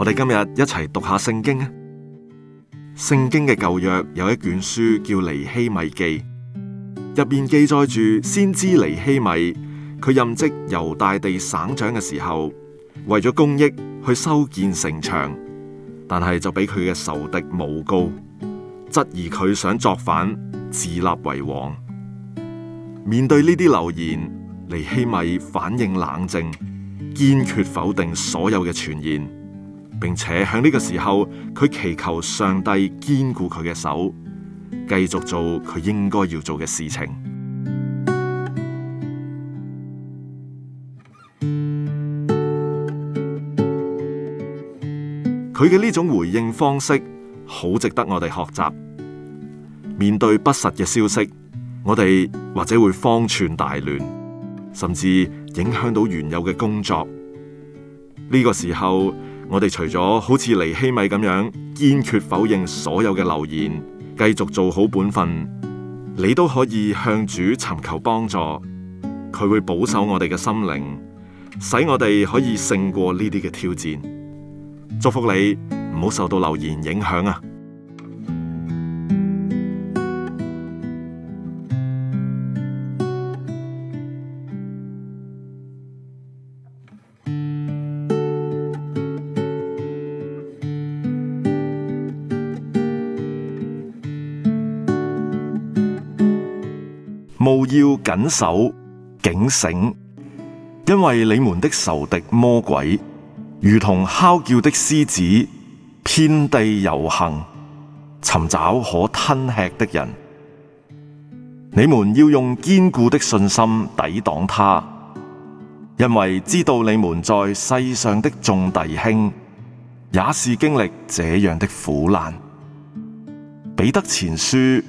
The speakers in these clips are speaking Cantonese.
我哋今日一齊讀下聖經啊！聖經嘅舊約有一卷書叫尼希米記，入邊記載住先知尼希米，佢任職猶大地省長嘅時候，為咗公益去修建城牆，但係就俾佢嘅仇敵誣告，質疑佢想作反自立為王。面對呢啲流言，尼希米反應冷靜，堅決否定所有嘅傳言。並且喺呢個時候，佢祈求上帝堅固佢嘅手，繼續做佢應該要做嘅事情。佢嘅呢種回應方式好值得我哋學習。面對不實嘅消息，我哋或者會方寸大亂，甚至影響到原有嘅工作。呢、這個時候。我哋除咗好似尼希米咁樣堅決否認所有嘅流言，繼續做好本分，你都可以向主尋求幫助，佢會保守我哋嘅心靈，使我哋可以勝過呢啲嘅挑戰。祝福你，唔好受到流言影響啊！務要謹守警醒，因為你們的仇敵魔鬼，如同敲叫的獅子，遍地遊行，尋找可吞吃的人。你們要用堅固的信心抵擋他，因為知道你們在世上的眾弟兄，也是經歷這樣的苦難。彼得前書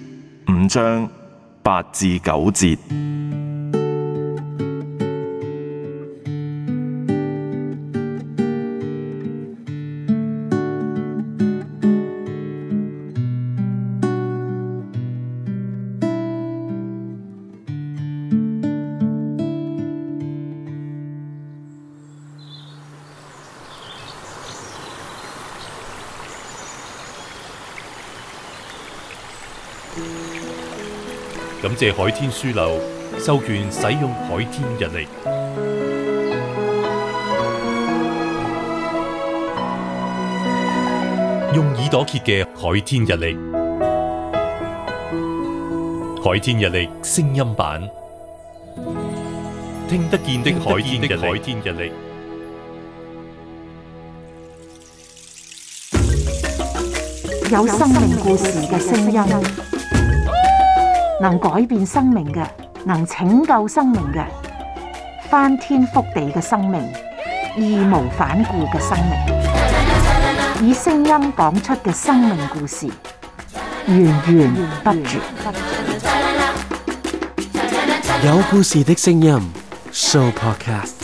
五章，八至九節。感謝海天書樓授權使用海天日曆，用耳朵揭嘅海天日曆，海天日曆聲音版，聽得見的海天日曆的海天日曆有生命故事嘅聲音。能改變生命嘅，能拯救生命嘅，翻天覆地嘅生命，義無反顧嘅生命，以聲音講出嘅生命故事，源源不絕。有故事的聲音，Show Podcast。